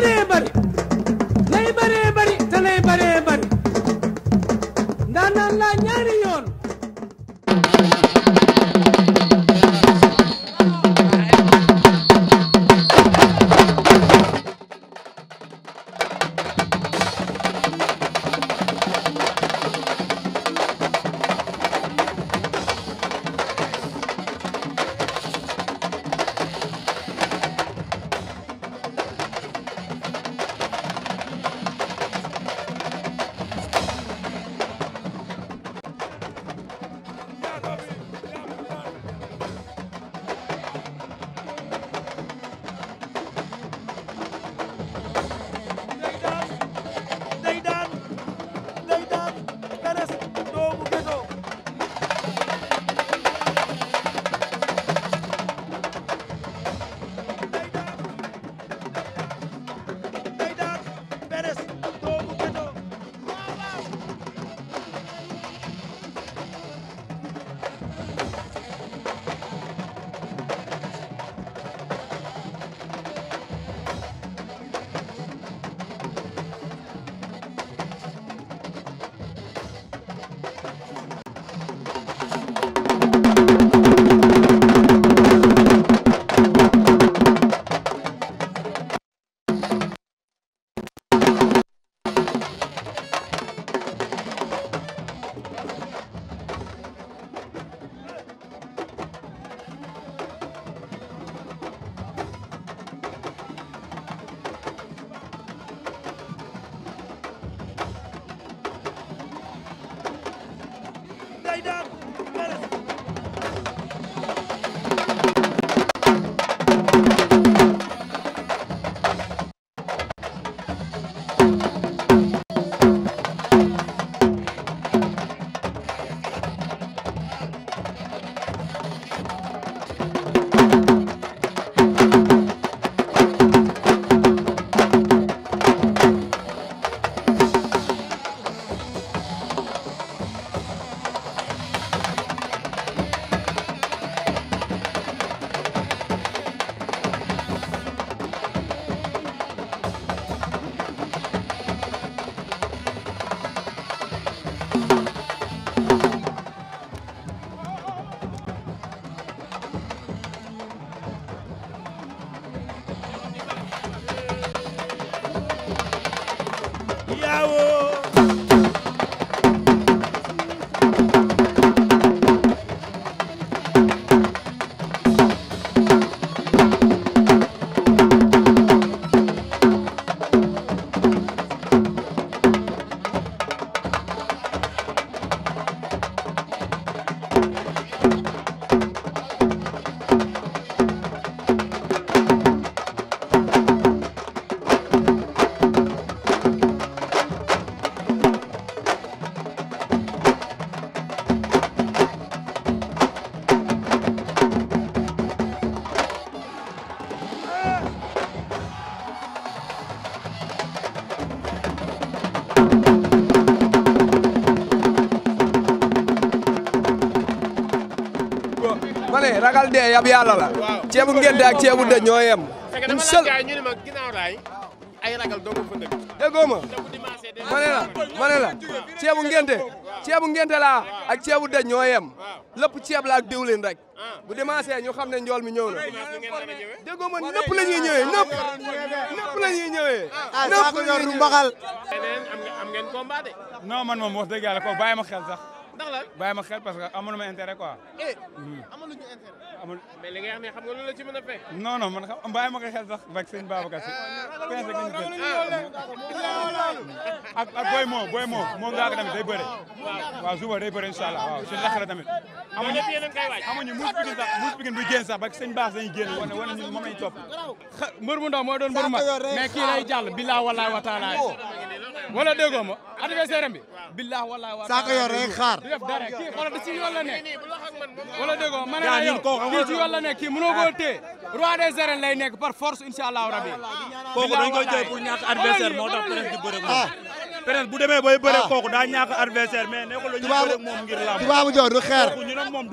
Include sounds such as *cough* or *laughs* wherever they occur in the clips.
bëree bëri lay bëree bëri te lay bëree ¡Bravo! dee ragal dee yab yàlla la. ceebu ngénte ak ceebu dëj ñoo yem. une seule ñu ne ma ginnaaw raay ay ragal ne la ma ne la ceebu ngénte ceebu ngénte laa ak ceebu dëj ñoo yem lépp la ak len rek ah. bu demaasee ñu xam ne njool mi ñëw na déggoo ma nëpp la ñuy ñëwee nëpp nëpp la ñuy ñëwee. nëpp ah. la ñuy ah, ñëwee. am ndax lan bàyyi ma xel parce que amoon na ma intérêt quoi. eh hmm. amoon nañu intérêt. amul mais li a fekk. ma ko xel sax avec sëñ Babacar si. Eh, pensé que ñu ah, ak a boy moo boy moo moom ngaa ko tamit day bëre. waaw suba day bëre incha allah waaw suñu amuñu amuñu muus sax muus pikin bu génn sax ba sëñ Baas dañuy génn wane wane ñu moom lañu topp. mbër mu ndaw mooy doon mbër ma mais bilaa walaay wa wala déggoo ma adversaire am bi. wa saako yor xaar. kii xoolal ci yoon la ma ne la yow kii ci yoon la nekk kii mënoo koo téye. roi des arènes lay nekk par force incha allahu kooku dañ koy jël pour ñàkk adversaire moo di bëre ah. ah. kooku daa ñàkk adversaire mais nekkul lu ñu bëre moom ngir lamb. tubaabu xeer kooku ñu ne moom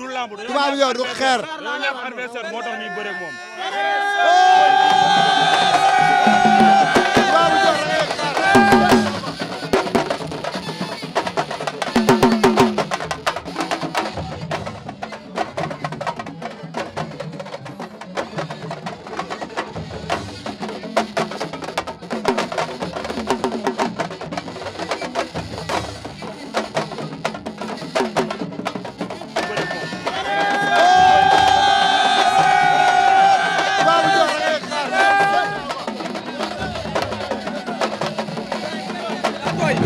xeer. Boy.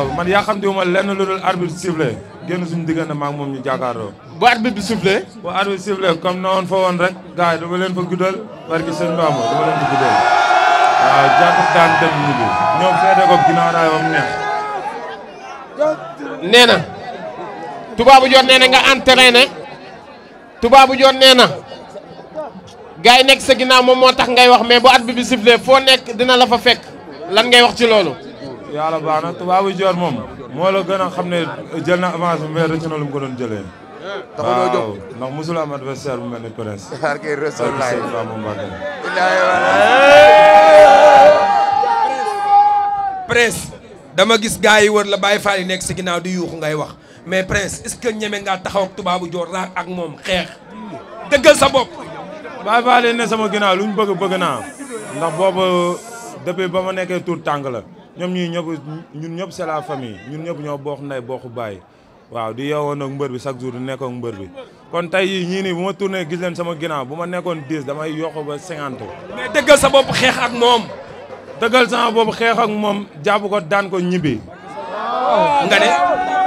waaw man yaa xam diwuma lenn lu dul arbitre sifflé génn suñu diggante maak moom ñu jàkkaarloo. bu arbitre bi sifflé. bu arbitre sifflé comme na woon fa woon rek gars yi dama leen fa guddal barki seen Bamba dama leen fa guddal waaw jàpp daan dem ñibbi ñoom feete ko ginnaaw daal ba nee na. tubaabu jot nee na nga yi nekk sa ginnaaw moom moo tax ngay wax mais bu arbitre bi sifflé foo nekk dina la fa fekk lan ngay wax ci loolu. yàlla baax na tubaabu joor moom moo la gën a xam ne jël na avance bi mais rëcc na lu mu ko doon jëlee. taxuloo jóg waaw ndax mosul am adversaire bu mel ni Prince. xaar kay Prince dama gis gars yi wër la Baye Fall yi nekk si ginnaaw di yuuxu ngay wax mais Prince est-ce que ñeme ngaa taxaw tubaabu joor raak ak moom xeex dëggal sa bopp. Baye Fall ne sama ginnaaw lu mu bëgg bëgg naa ndax boobu depuis ba ma nekkee tuut tàng la. ñoom ñuy ñëpp ñun ñëpp c'est la famille ñun ñëpp ñoo bokk ndey bokk baay waaw di yeewoon ak mbër bi chaque jour di nekk ak mbër bi kon tey yii ñii nii bu ma tourné gis leen sama ginnaaw bu ma nekkoon 10 dama yokk ba 50. mais dëggal sa bopp xeex ak moom. dëggal sama bopp xeex ak moom jàpp ko daan ko ñibbi. Ah, nga ne.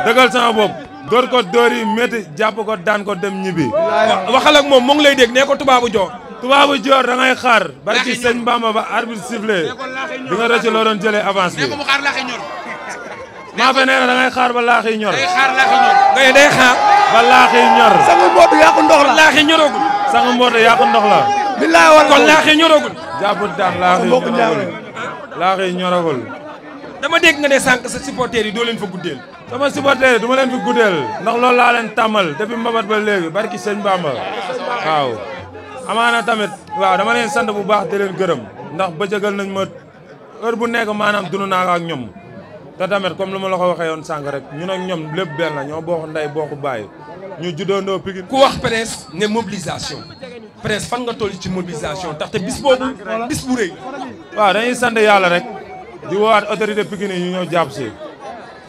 dëggal sama bopp dóor ko dóor yi métti jàpp ko daan ko dem ñibbi. waxal ak moom mu lay dégg nee ko tubaabu joor. tubaabu joor da ngay xaar. barki sëñ ba arbitre sifflé di nga rëcc loo doon jëlee avance bi. mu xaar laax yi ñor. *laughs* maa fa nee na da ngay xaar ba laax yi ñor. day xaar laax yi ñor. ba laax yi ñor. sangu ndox la. laax yi ñoragul. sangu mbootu yàqu la. billaay wala kon laax yi ñoragul. jàpp daan laax yi ñoragul. laax yi ñoragul. dama dégg nga ne sànq sa supporters yi doo leen fa guddeel. sama supporters yi du leen fi guddeel. ndax loolu laa leen tàmmal depuis mbabat ba léegi barki sëñ Bamba waaw amaana tamit waaw dama leen sand bu baax di leen gërëm ndax bëccëgal nañ ma heure bu nekk maanaam dund naa ak ñoom te comme lu ma la ko waxee yoon sànq ñun ak ñoom lépp benn la ñoo bokk ndey bokk bàyyi ñu juddoondoo Pikine ku wax presse ne mobilisation presse fan nga toll ci mobilisation taxte bis boobu bis bu rëy waaw dañuy sant yàlla rek di woowaat autorité Pikine ñu ñëw jàpp si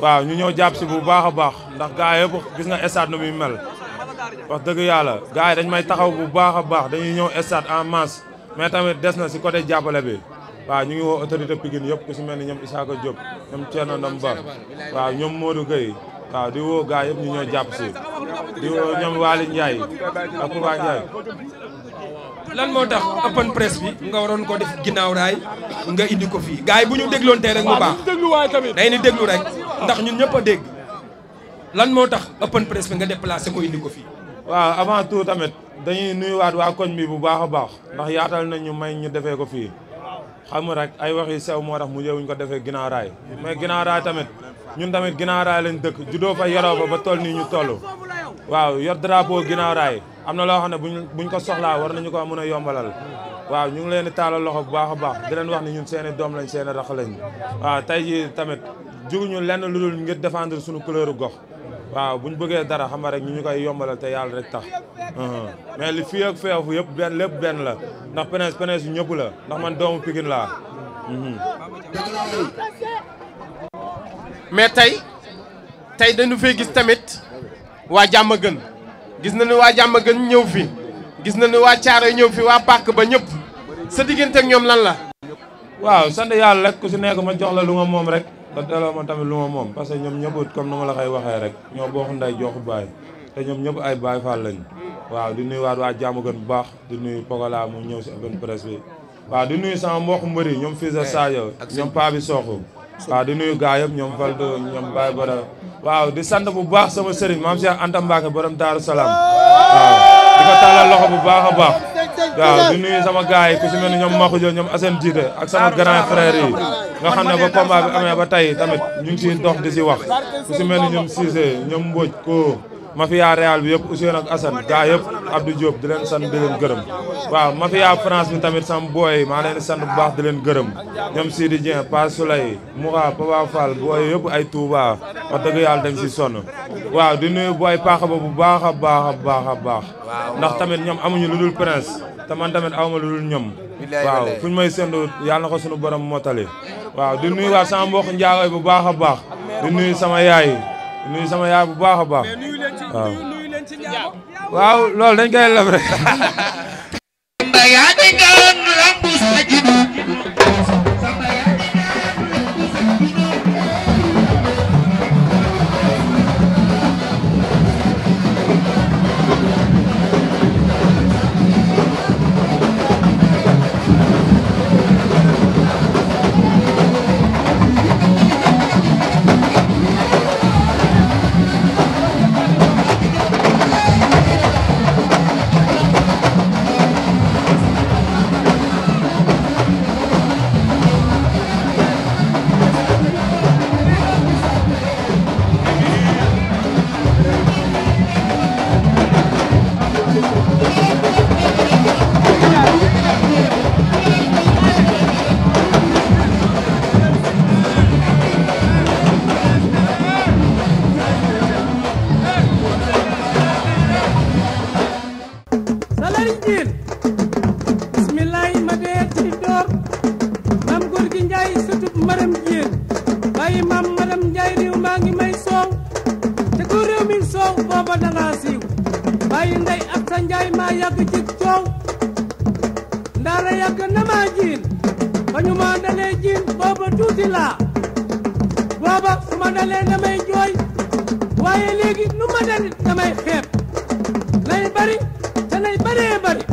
waaw ñu ñëw jàpp si bu baax a baax ndax gars yëpp gis nga stade nu muy mel wax dëgg yàlla gars yi dañ may taxaw bu baax a baax dañuy ñëw stade en masse mais tamit des na si côté jàppale bi waaw ñu ngi woo autorité Pikine yëpp ku si mel ni ñoom Isaka Diop ñoom Thierno Ndamba waaw ñoom Modou Gueye waaw di woo gaa yëpp ñu ñoo jàpp si di woo ñoom Waly Ndiaye ak Kouba lan moo tax open press bi nga waroon ko def ginnaaw raay nga indi ko fii gars yi bu ñu dégloon tee rek mu baax day ni déglu rek ndax ñun ñëpp a dégg lan moo tax open press bi nga def déplacé ko indi ko fii. waaw avant tout tamit dañuy nuyuwaat waa koñ bi bu baax a baax ndax yaatal nañ ñu may ñu defee ko fii. xam nga rek ay wax yu sew moo tax mu jëwuñ ko defee ginnaaw raay mais ginnaaw tamit ñun tamit ginnaaw leen lañ dëkk juddoo fa yoroo fa ba toll nii ñu toll waaw yor drapeau ginnaaw raay am na loo xam ne buñ buñ ko soxlaa war nañu ko mën a yombalal waaw ñu ngi leen di taalal loxo bu baax a baax di leen wax ni ñun seeni doom lañ seeni rax lañ waaw tey jii tamit juguñu lenn lu dul ngir défendre suñu couleur gox waaw bu ñu bëggee dara xam nga rek ñu ñu koy yombalal te yàlla rek tax uh-huh. mais li fii ak feefu yëpp benn lépp benn la ndax penees penees yu ñëpp la ndax man doomu Pikine laa uh-huh. mais tey tey dañu fee gis tamit waa jàmm gën gis na nañu waa jàmm gën ñëw fi gis na nañu waa caaro ñëw fi waa pàkk ba ñëpp sa diggante ak ñoom lan la waaw sant yàlla rek ku si nekk ma jox la lu nga moom rek te delloo ma tamit lu moom parce que ñoom ñëpp comme nu ma la koy waxee rek ñoo bokk nday jox baay te ñoom ñëpp ay baay faal lañ waaw di nuy waat waa jàmm gën bu baax di nuy Pogola mu ñëw si waaw nuyu sama mbokk mbër yi ñoom fii sa Sadio eh, ñoom Paa bi Sokh waaw di nuyu gaa yëpp ñoom Valdo ñoom Baye Bara waaw di sant bu baax sama sëriñ maam Cheikh Anta Mbacke borom Daaru Salaam waaw di ko loxo bu baax a baax waaw di nuyu sama gaa yi ku si mel ni ñoom Makhoudio ñoom Assane Djité ak sama nga xam ne ba combat bi ba tey tamit ñu ngi ciy dox di si wax ku si mel ñoom Cissé ñoom Mbodj ko mafia Real bi yëpp Ousseynou ak Assane gaa yëpp Abdou Diop di leen san di leen gërëm waaw mafia France bi tamit sam booy maa leen sant bu baax di leen gërëm ñoom Sidi Dieng Pa Souley Moura Papa Fall booy yëpp ay Touba wax dëgg yàlla dañ si sonn waaw di nuyu booy paax ba bu baax a baax a baax a baax ndax tamit ñoom amuñu lu dul prince te tamit awma lu dul ñoom waaw fu ñu may sendu yàlla na ko suñu borom mottali waaw di nuyu waa sama mbokk njaagoy bu baax a baax di nuyu sama yaay di nuyu sama yaay bu baax a baax waaw waaw loolu dañ koy leb *laughs* ak sa njaay maa yàgg ci coow ndaara yàgg na maa jiin ba ñu ma dalee jiin booba tuuti laa booba ma dalee damay jooy waaye léegi nu ma dalit damay xeeb lay bari te lay baree bari